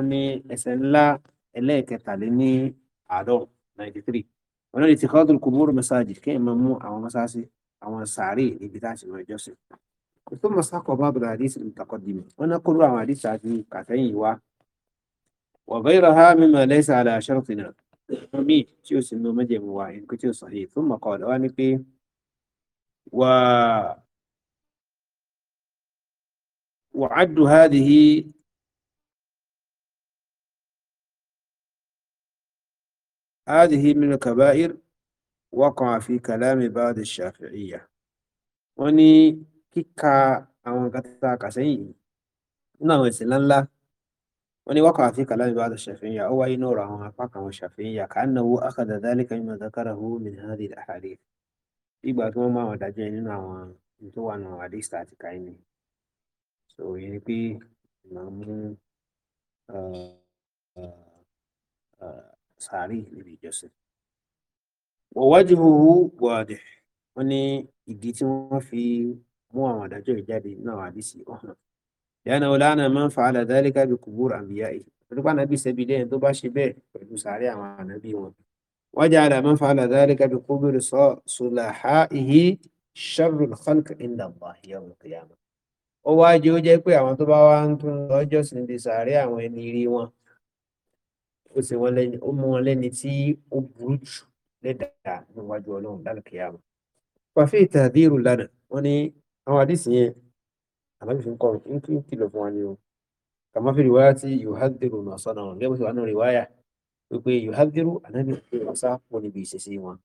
ó ní ẹsẹ̀ ńlá ẹlẹ́ẹ̀kẹtàléní àádọ́rùn ninety three wọn náà ti kọ́ tó kúbúrú mẹsáàgì kí ẹ̀ máa mú àwọn mẹsáàsì àwọn sàárè níbi tá a ti máa jọ́sìn kò tó mọ̀ sákọ̀ bá bọ̀dọ̀ àdìsí ìtàkọ́ di mi wọn náà kó ló àwọn àdìsí àti kàtẹ́yìn wá wọ̀gá ìrọ̀ ha mímọ̀ lẹ́sẹ̀ àlẹ́ àṣẹ́rọ̀tì náà wọn míì tí ó sì ń lo mẹ́jẹ̀mú wa nǹkan tí ó sọ yìí tó mọ̀ kọ́ ọ̀dọ̀ wá ní pé wà wàá dùn hádìí هذه من الكبائر وقع في كلام بعض الشافعية wọ́n ní kíka àwọn nǹkan tá a kà sẹ́yìn nínú àwọn ẹ̀sìn ńláńlá wọ́n ní wákàá fi kàlámì bá ṣàfihàn ó wáyé náà àwọn apá kan wọn ṣàfihàn kà á náwó akadà dálíkà mímọ zakara hu min hadi àhàrí ìgbà tí wọ́n máa wọn dájọ́ nínú àwọn tó wà nù àdìsá àti káyìnì so ìyẹn ni pé màá mú uh, uh, sàárì níbi ìjọsìn wọ́wájúhu wọ́ọ̀dẹ̀ wọ́n ní ìdí tí wọ́n fi mú àwọn àdájọ́ ìjáde náà àdísì ọ̀hún lẹ́nu ọ̀lànà máa ń fa àlàdálíkà bí kùbúrò àmìyá yìí olùkọ́ ànábì sẹ́bi lẹ́yìn tó bá ṣe bẹ́ẹ̀ pẹ̀lú sàárì àwọn ànábì wọn wọ́n jẹ́ àdàmọ́ fa àlàdálíkà bí kùbúrò sọ sùlàhà ìhí sharrul khalq inda Allah yawm al ó wáá pé àwọn tó bá wá ń tún lọ́jọ́sìn di sàárì àwọn ẹni rí wọn ó ṣe wọ́n lẹ́ni ó mú wọn lẹ́ni tí ó burú jù lẹ́dàá níwájú ọlọ́run lálùkìyàmù. pàfẹ́ ìtàdírù lánàá wọ́n ní àwọn àdìsí yẹn àbájú fi ń kọ́ ń kí ń kìlọ̀ fún wa ni o kàmá fi rìwáyà tí yuhadiru nà sọ́nà wọn gẹ́gẹ́ bó ṣe wà nù rìwáyà wípé yuhadiru ànábì pé wọ́n sá wọn níbi ìṣesí wọn.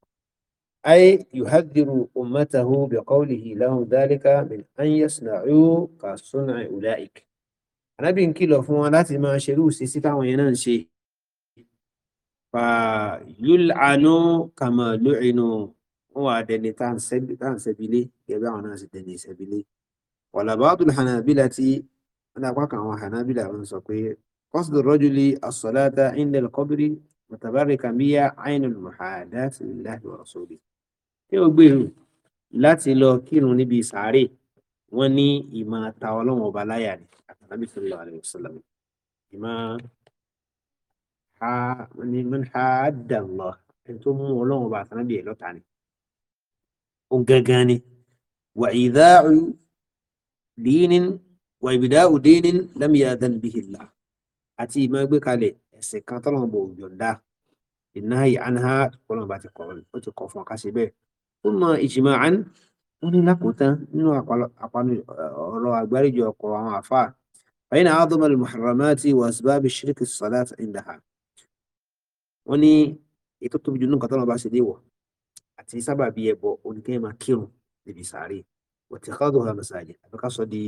ayé yuhadiru ummatahu bi qawlihi lahum dhalika min an yasna'u ka sun'i ulaik. ànábì ń kìlọ̀ fún wọn láti máa ṣerú ìṣesí táwọn yẹn náà ń ṣe fa yúlànú kàmà lóìnú wọn wà dẹni tá à ń sẹbilé gẹ́gẹ́ àwọn náà sì dẹni sẹbilé wàlàbàdùn hànàbílà tí wọn dàpá kan àwọn hànàbílà wọn sọ pé kọsùdù rọjùlì asọláta indel kọbírí mọtàbárì kàmíyà ainul muhàdá sí láti wà sórí. tí ó gbèrú e láti lọ kírun níbi sàárè wọn ní ìmọ̀ ta ọlọ́run ọba láyà ni àtàlábí sọlá àlẹ́ ìmọ̀ ha ni man hadda Allah ẹni tó mú ọlọ́run ọba àtànábì ẹ̀ lọ́ta ni ó gangan ni wà ìdáàrú dínnín wà ìbìdáàrú dínnín lámìyà dánibìhìlá àti ìmọ̀ ẹgbẹ́ kalẹ̀ ẹ̀sìn kan tọ́lọ́run bò yọ̀ǹda ìnáyà anha tọ́lọ́run bá ti kọ̀ ó ti kọ̀ fún ọ̀ká sí bẹ́ẹ̀ ó mọ ìjìmọ̀ àn ó ní lákòótán nínú àpanu ọ̀rọ̀ àgbáríjọ ọkọ̀ àwọn àfáà fàyínà àdọ́mọ̀lì muharramati wà síbábi shirki salat indaha wọ́n ní ètò tóbi jù nǹkan tọ́lọ́ bá ṣe léwọ̀ àti sábàbí ẹbọ oníkẹ́yìn máa kírun níbi sàárè wọ̀tí káàdùn ọ̀hà mẹ́sàájì àbíká sọ di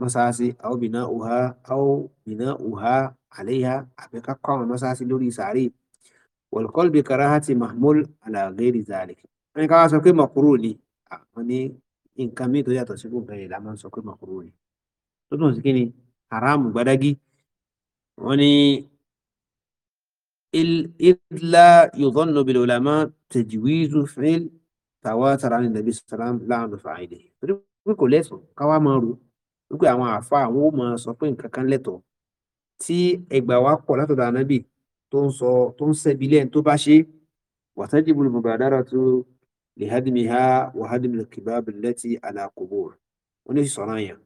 mọ́sáàsì àwọn bìnà òhà àwọn bìnà òhà àléyà àbíká kọ́ àwọn mọ́sáàsì lórí sàárè wọ̀lùkọ́lùbí karahati mahmul alageri zalik wọ́n ní ká wá sọ pé mọ̀kúrò ni àwọn ní nǹkan míì tó yàtọ̀ sí fún bẹ́ẹ̀ la máa ń sọ pé mọ̀kúrò ni tó tún sí kí ni haram gbadági wọ́n ní إذ لا يظن بالعلماء تجويز فعل تواتر عن النبي صلى الله عليه وسلم لعن فاعله torí kò lẹ́tọ̀ ká wá máa rò wípé àwọn àfa àwọn ó máa sọ pé nǹkan kan lẹ́tọ̀ tí ẹgbà wa pọ̀ látọ̀dọ̀ ànábì tó ń sọ tó ń sẹ́bi lẹ́yìn tó bá ṣe wàtájìbù mùbàdára tó lè hádìmíhá wàhádìmílẹ̀ kìbá bìlẹ́tì àlàkòbò wọn ní sọ̀rọ̀ yẹn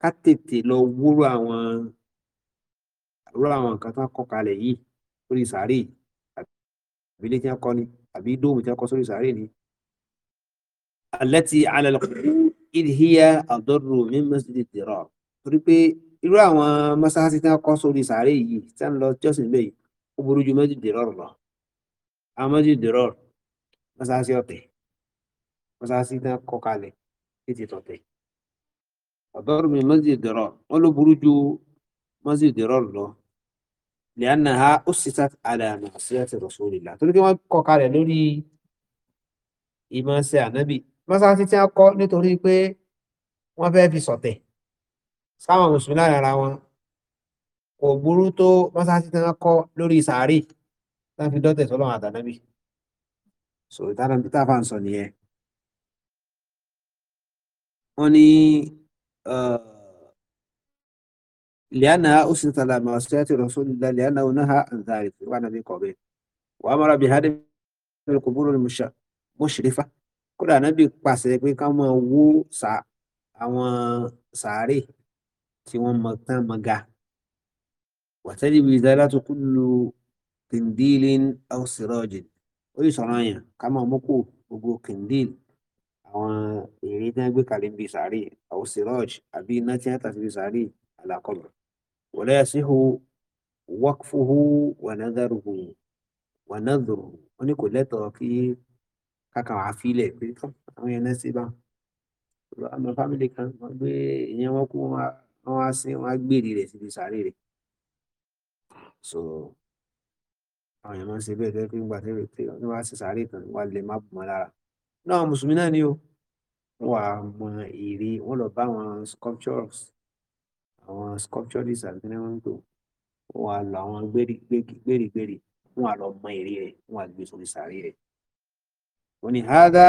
ká tètè lọ wúrò àwọn wúrò àwọn nǹkan tó kọ́ kalẹ̀ yìí sórí sàárè àbí ilé tí wọ́n kọ́ ni àbí dóòmù tí wọ́n kọ́ sórí sàárè ni. alẹ́tì alẹ́lẹ́kùn ìdíhíyà àdọ́rù mi mẹ́sìlẹ̀ dìrọ̀ torí pé irú àwọn mọ́sáàsì tí wọ́n kọ́ sórí sàárè yìí tí wọ́n lọ jọ́sìn bẹ́ẹ̀ ó burú ju mẹ́sìlẹ̀ dìrọ̀ lọ. àwọn mẹ́sìlẹ̀ dìrọ̀ mọ́sáàsì ọ̀tẹ̀ mọ́sáàsì tí wọ́n kọ́ kalẹ̀ títí tọ̀tẹ̀ àdọ́rù mi mẹ́sìlẹ̀ dìrọ̀ wọ́n ló burú ju mọ́sìlẹ̀ dìrọ̀ lọ لأنها أسست على معصية رسول الله torí kí wọ́n kọ́ kalẹ̀ lórí ìmọ̀ọ́sẹ̀ ànábì mọ́sáàtì tí a kọ́ nítorí pé wọ́n fẹ́ fi ṣọ̀tẹ̀ sáwọn mùsùlùmí lára ara wọn kò burú tó mọ́sáàtì tí wọ́n kọ́ lórí sàárì láti fi dọ́tẹ̀ sọ́lọ́run àtànábì so ìtànàbí tá a fà ń sọ nìyẹn wọ́n ní لأنها أسنت على معصية رسول الله لأنه نهى عن ذلك وعن ذي قبيل وأمر بهدم القبور المشرفة kódà nábì pàṣẹ pé ká máa wó àwọn sàárè tí wọ́n mọ tán mọ ga wàtẹ́lì bíi ìdá láti kú lu kìndílìn ọ̀sìrọ̀jì ó yìí sọ̀rọ̀ yẹn ká máa mú kó gbogbo kìndíl àwọn èrè tí wọ́n gbé kalẹ̀ bíi sàárè ọ̀sìrọ̀jì àbí iná tí wọ́n tà síbi sàárè alákọ̀bọ̀. ولا يصح وقفه ونذره ونذره wọn ní kò lẹ́tọ̀ọ́ kí kàkà wá fílẹ̀ pé àwọn yẹn náà ṣe bá àmọ́ fámìlì kan wọ́n gbé ìyẹn wọn kú wọn á sin wọn á gbèrè rẹ̀ síbi sàárè rẹ̀ so àwọn yẹn máa ń ṣe bẹ́ẹ̀ tẹ́ pé nígbà tẹ́lẹ̀ tí wọ́n bá ṣe sàárè kan wà lè má bù mọ́ lára náà mùsùlùmí náà ni o wọ́n wà mọ èrè wọ́n lọ bá àwọn sculptures àwọn sculpturist àbí ní wọ́n ń pè wọ́n á lọ àwọn gbèrígbèrí wọ́n á lọ mọ èrè rẹ̀ wọ́n á gbé sórí sàárè rẹ̀. wọ́n ní hádà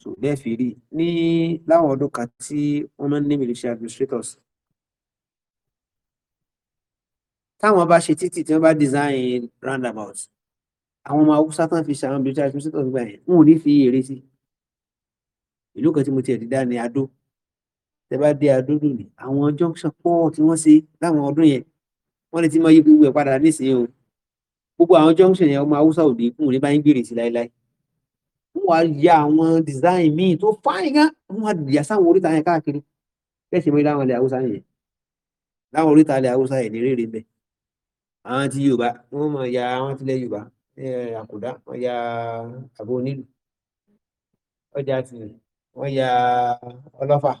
tó lẹ́ẹ̀fì rí ní láwọn ọdún kan tí wọ́n máa ń ní military administrators táwọn bá ṣe títì tí wọ́n bá design roundabout àwọn ọmọ haúsá tán fi ṣe àwọn military administrators gbà yẹn wọn ò ní fi èrè sí ìlú kan tí mo ti ẹ̀ dídá ni adó tẹ bá dé adúlù ni àwọn junction pọ̀ tí wọ́n ṣe láwọn ọdún yẹn wọ́n lè ti máa yí gbogbo ẹ̀ padà nísìnyí o gbogbo àwọn junction yẹn ọmọ haúsá òde fún òní bá ń gbèrè sí láéláé wọ́n wá ya àwọn design míì tó fáyín gan wọ́n wá yà sáwọn oríta yẹn káàkiri bẹ́ẹ̀ ṣe mọ́ ilé àwọn ilẹ̀ haúsá yẹn láwọn oríta ilẹ̀ haúsá yẹn ní rere bẹ́ẹ̀ àwọn ti yorùbá wọ́n mọ̀ ya àwọn tilẹ̀ yorùbá àkùdá wọ́n ya àbò onílù ọjà tìlẹ̀ wọ́n ya ọlọ́fà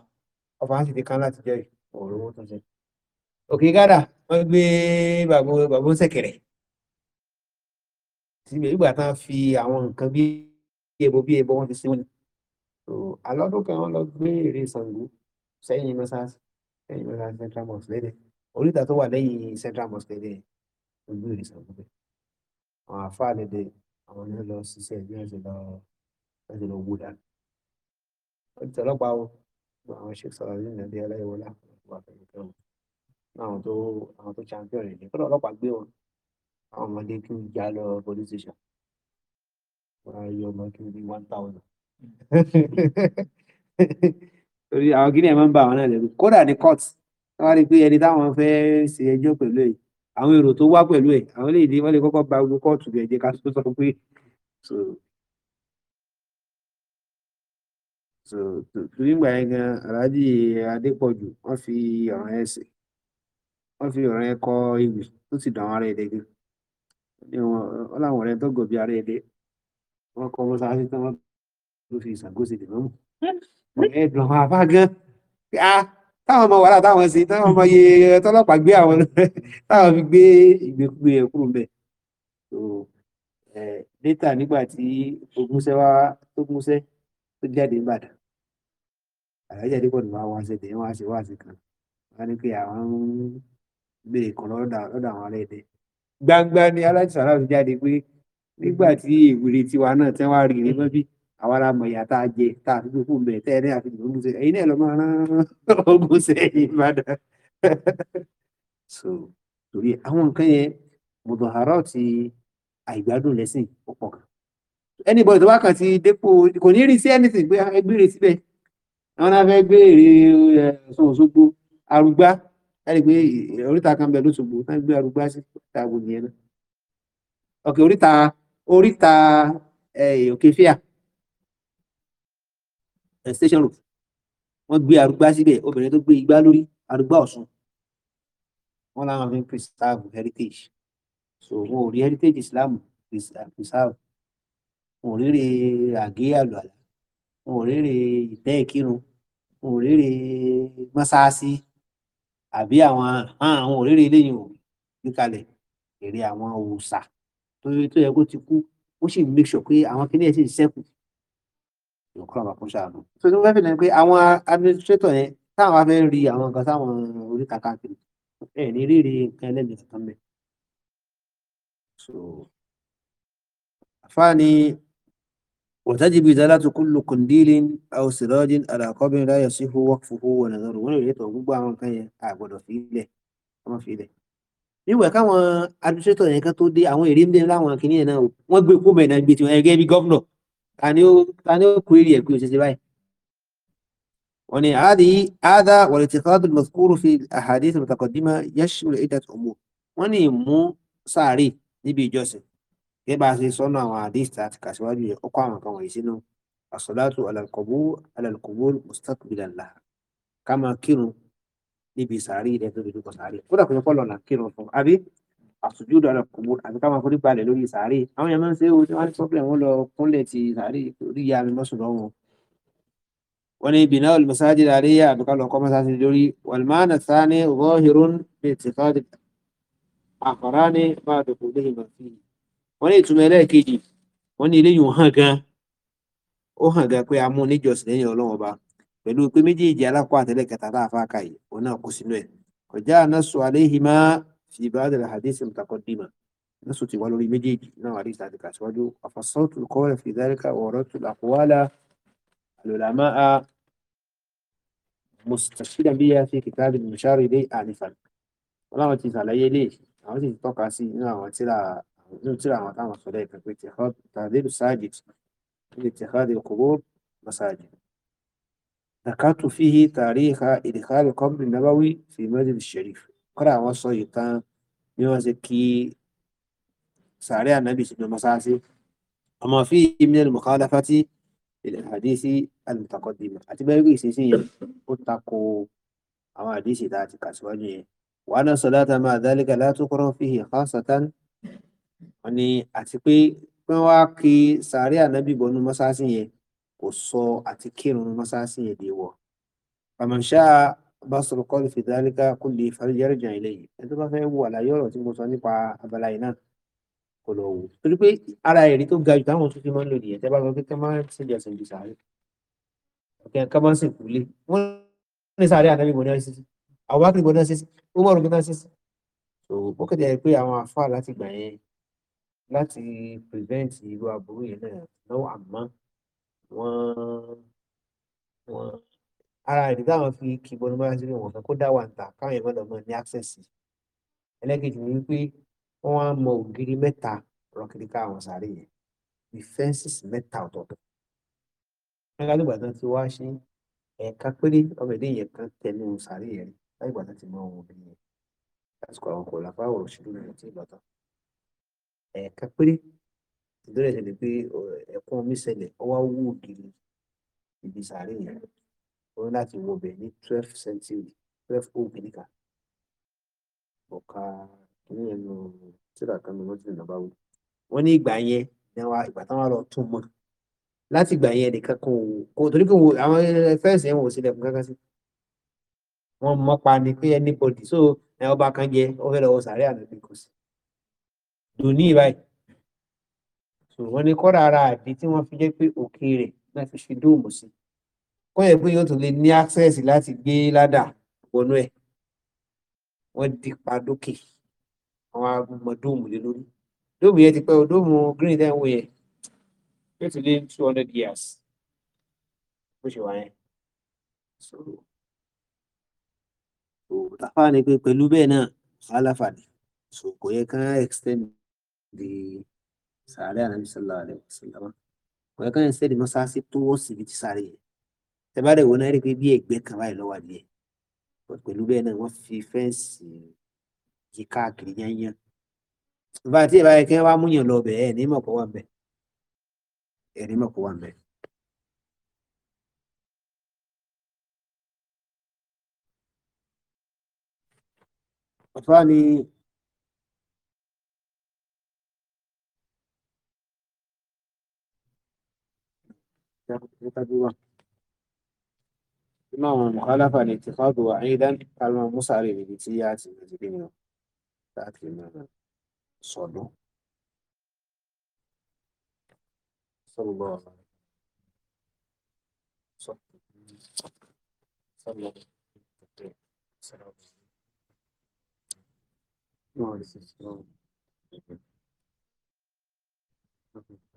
ọba á sì ti kán láti jẹ́ ọ̀rọ̀ owó tó ṣe. òkè gádà wọ́n gbé bàbá sẹ̀kẹ̀rẹ̀ síbẹ̀ ìgbà tán fi àwọn nǹkan bí ẹbọ bí ẹbọ wọn ti ṣe wọn. alọ́dún kan wọ́n lọ gbé ère Ṣàngó sẹ́yìn mọ́sáàsì sẹ́yìn mọ́sáàsì central mosque lẹ́dẹ̀ oríta tó wà lẹ́yìn central mosque lẹ́dẹ̀ ojú ère Ṣàngó bẹ́ẹ̀. àwọn àfáà lẹ́dẹ̀ àwọn ni wọ́n lọ ṣiṣẹ́ bí wọ́n ṣe lọ wọ́n ṣe lọ wó dáa. ó ti tọ́lọ́pàá o àwọn sheik saladin nàbí aláìwọlá wà pẹ̀lú kẹwọn àwọn tó àwọn tó champion rẹ kọ́dọ̀ ọlọ́pàá gbé wọn àwọn ọmọdé kí n já lọ police station wọn á yọ ọmọ kí n bí one thousand torí àwọn guinea máa ń bá àwọn náà lẹ́rù kódà ní court wọn wá rí i pé ẹni táwọn fẹ́ ṣe ẹjọ́ pẹ̀lú ẹ̀ àwọn èrò tó wá pẹ̀lú ẹ̀ àwọn eléyìí wọn lè kọ́kọ́ gba gbogbo kóòtù rẹ̀ jẹ́ ká tó sọ pé nígbà yẹn gan aláàjì adépọ̀jù wọ́n fi ọ̀ràn ẹ̀ sè wọ́n fi ọ̀ràn ẹ̀ kọ ewì tó sì dàn ara ẹ̀dẹ̀ gan wọ́n láwọn ọ̀rẹ́ tó gòbí ara ẹ̀dẹ̀ wọ́n kọ́ mọ́sáàsì tí wọ́n tó fi ìṣàgóso ìdè mọ́mù ọ̀rẹ́ ẹ̀dùn àwọn afá gan ah, táwọn ọmọ wàhálà táwọn ṣe táwọn ọmọ iye tọ́lọ́pàá gbé àwọn táwọn fi gbé ìgbékúgbé ẹ̀ kúrò mbẹ̀ eh, data nígbà tí ogúnṣẹ́ wá tó gúnṣẹ́ tó jáde ń alájà dípò ní wàá wáṣẹ tèmi wàá ṣe wáṣẹ kan wọn ní pé àwọn ń béèrè kan lọ́dọ̀ àwọn ará ẹdẹ gbangba ni alájà sàrà ti jáde pé nígbà tí ìwúre tiwa náà tẹ́ wá rí ní mọ́bí àwọn ará mọ̀ ìyá tá a jẹ tá a fi gbogbo mbẹ tẹ́ ẹ ní àfi lòún ṣe ẹ̀yin náà lọ máa rán ogun sẹ́yìn Ìbàdàn so torí àwọn nǹkan yẹn mọ̀tòhárọ̀ ti àìgbádùn lẹ́sìn púpọ̀ kan anybody tó bá kàn ti dépò kò ní rí sí anything pé ẹgbẹ́ rẹ̀ síbẹ̀ àwọn náà fẹ́ gbé èrè eh, Ọ̀ṣun Òṣogbo arúgbá láti gbé oríta kan bẹ lóṣogbo tán gbé arúgbá sí oríta wo nìyẹn náà ok oríta oríta eh, òkè fíà eh, station road wọ́n gbé arúgbá síbẹ̀ obìnrin tó gbé igbá lórí arúgbá Ọ̀ṣun wọ́n láwọn fi ń preserve heritage so wọn ò rí heritage Islam preserve wọn ò rí rè àgé àlùalà wọn ò rí rè ìtẹ́ ìkírun òrèrè mọ́sáàsì àbí àwọn àwọn òrèrè eléyìí ò gbé kalẹ̀ èrè àwọn òòṣà tó tó yẹ kó ti kú ó sì make sure pé àwọn kìnìún ẹ̀ sì sẹ́kù yóò kọ́ àwọn àkóso àná. tó ní wọ́n fẹ́ náà pé àwọn administrator yẹn táwọn afẹ́ rí àwọn nǹkan táwọn oríta káàkiri ẹ̀ ní rírì nǹkan ẹlẹ́mìí kankan mẹ́. so àfáà ni. وتجب إزالة كل قنديل أو سراج على قبر لا يصح وقفه ونظره wọ́n lè tọ̀ gbogbo àwọn nǹkan yẹn àgbọ̀dọ̀ fi ilẹ̀ ọmọ fi ilẹ̀ níwẹ̀ káwọn administrator yẹn kan tó dé àwọn èrè ń dé láwọn kìíní yẹn náà wọ́n gbé kó mẹ́rin náà gbé tiwọn ẹgẹ́ bí gọ́vnà ta ni ó ta ni ó kú èrè ẹ̀ pé òṣèṣe báyìí. wọ́n ní àádì àádá wal-i'tiqād al-madhkūr fi al-ahādīth al-mutaqaddima yashmul 'iddat umūr wọ́n ní ìmú sáàrì níbi ìjọsìn gẹ́gẹ́ bá a ṣe sọ́nà àwọn àdéhìí tá a ti kà síwájú yẹn ó kọ́ àwọn kan wọ̀nyí sínú as-salatu ala al-qubur ala al-qubur mustaqbilan laha ká máa kírun níbi sàárì rẹ tó dojú kọ sàárì kódà kò yẹ kọ́ lọ́nà kírun fún àbí as-sujudu ala al-qubur àbí ká máa forí balẹ̀ lórí sàárì àwọn èèyàn máa ń ṣe é o ní problem wọn lọ kúnlẹ̀ ti sàárì orí ya mi mọ́sùn lọ́wọ́ wọn ni bìnà al-masajid alayya àbí ká lọ lórí wal-ma'na ath-thani zahirun bi i'tiqad al-akharani ma'a dukhulihim fihi wọ́n ní ìtumọ̀ ẹlẹ́ẹ̀kejì wọ́n ní eléyìí hàn gan ó hàn gan pé a mú níjọsìn lẹ́yìn ọlọ́run ọba pẹ̀lú pé méjèèjì alákọ̀ àtẹlẹ́ kẹta tá a fà ká yìí òun náà kó sínú ẹ̀ ọjà nasu alayhima fi ba'd al-ahadith al-mutaqaddima nasu ti wá lórí méjèèjì náà wà nígbà àdìkà síwájú afassartu al-qawla fi dhalika wa uradtu al-aqwala al-ulama'a fi kitab al-mushar ilayhi anifan wọ́n láwọn ti sàlàyé lè àwọn sì tọ́ka sí nínú àwọn tíra قلت له ما تعمل خلافة في اتخاذ تعديل الساجد لاتخاذ القبور مساجد ذكرت فيه تاريخ إدخال القبر النبوي في المسجد الشريف قرأ وصيتان يوزكي سارع النبي صلى الله عليه وسلم وما فيه من المخالفة للأحاديث المتقدمة أتبعي سيسي أتقوا أما حديث ذاتك أسواجه وأن الصلاة مع ذلك لا تقرأ فيه خاصة wọn ní àti pé pé wọn wá kí sàárẹ ànábì bọnú mọ́sáàsì yẹn kò sọ àti kírun mọ́sáàsì yẹn dé wọ àmọṣá bá sọ̀rọ̀ kọlù fìdálíkà kó lè fàlùjẹrẹ jàn eléyìí ẹni tó bá fẹ́ wò àlàyé ọ̀rọ̀ tí mo sọ nípa abala yìí náà kò lọ wò torí pé ara ẹ̀rí tó ga jù táwọn tó fi máa ń lò nìyẹn tẹ́ bá sọ pé kí wọ́n sì jẹ sìn ju sàárẹ ọ̀kẹ́ kí wọ́n sì kúlé wọ́n ní sàárẹ ànábì bọnú ẹ̀ sísí àwọn bá kiri bọnú ẹ̀ sísí ó mọ̀ láti prevent irú aburú yìí náà lọ́wọ́ àmọ́ wọ́n wọ́n ara ìdí táwọn fi kí bọ́nú bá sílẹ̀ wọ́n fẹ́ kó dá wà ń tà káwọn èèyàn lọ́mọ ní access ẹlẹ́gẹ̀jì ni wípé wọ́n á mọ ògiri mẹ́ta rọ́kìríkà àwọn sáré yẹn the fences mẹ́ta ọ̀tọ̀ọ̀tọ̀ nígbà tó gbàdán ti wá ṣe ẹ̀ka péré ọmọ ìdí yẹn kan tẹnu sáré yẹn láì gbàdán ti mọ òun òbí yẹn lásìkò àwọn kò làpá òṣèlú rẹ̀ ti lọ́tọ̀ ẹ̀ẹ̀kan péré ìdúró ìṣẹ̀lẹ̀ pé ẹ̀kún omi ṣẹlẹ̀ ó wá wú ògiri ibi sàárè yẹn ó ní láti wọ bẹ̀ ní twelve century twelve ogiri kan ọ̀ka kìíní yẹn nù tíra kan nù lọ́sìn nàbà wò wọ́n ní ìgbà yẹn ní wa ìgbà táwọn lọ tún mọ́ láti ìgbà yẹn nìkan kan ò kò torí kò àwọn fẹ́ǹsì yẹn wò sílẹ̀ fún kankan sí wọ́n mọ́ pa ni pé anybody so ọba kan jẹ ó fẹ́ lọ́wọ́ sàárè àná bí kò sí lóní ìbáyìí so wọn ní kọ́ra ara àdí tí wọ́n fi jẹ́ pé òkè rẹ̀ náà fi ṣe dóòmù sí kọ́ yẹ pé yóò tún lè ní access láti gbé ládà wọnú ẹ̀ wọ́n di pa dókè àwọn agbọmọ dóòmù lé lórí dóòmù yẹn ti pẹ́ o dóòmù green ten wo yẹn yóò tún lé two hundred years bó ṣe wà yẹn so so tàfà ni pé pẹ̀lú bẹ́ẹ̀ náà àlàfà ni so kò yẹ ká extend de di sàárẹ̀ ànábì sallallahu alaihi wasallam ọ̀rẹ́ kan yẹn sẹ́ni mọ́sáàsì tó wọ́ síbi ti sáré yẹn tẹ bá rẹ̀ wọ́n náà rí pé bí ẹ̀gbẹ́ kan báyìí lọ́wọ́ àdìẹ pẹ̀lú bẹ́ẹ̀ náà wọ́n fi fẹ́ǹsì yí káàkiri yányán bá tí ìbáyẹ kí wọ́n wá múyàn lọ bẹ̀ ẹ̀ ní mọ̀pọ̀ wà bẹ̀ ẹ̀ ní mọ̀pọ̀ wà bẹ̀. ọ̀tọ́ ni. إمام المخالفة الاتخاذ وعيدا كالمنصر بجنسيات المجرمين تأتي من صلوا صلى الله عليه وسلم صلى الله عليه وسلم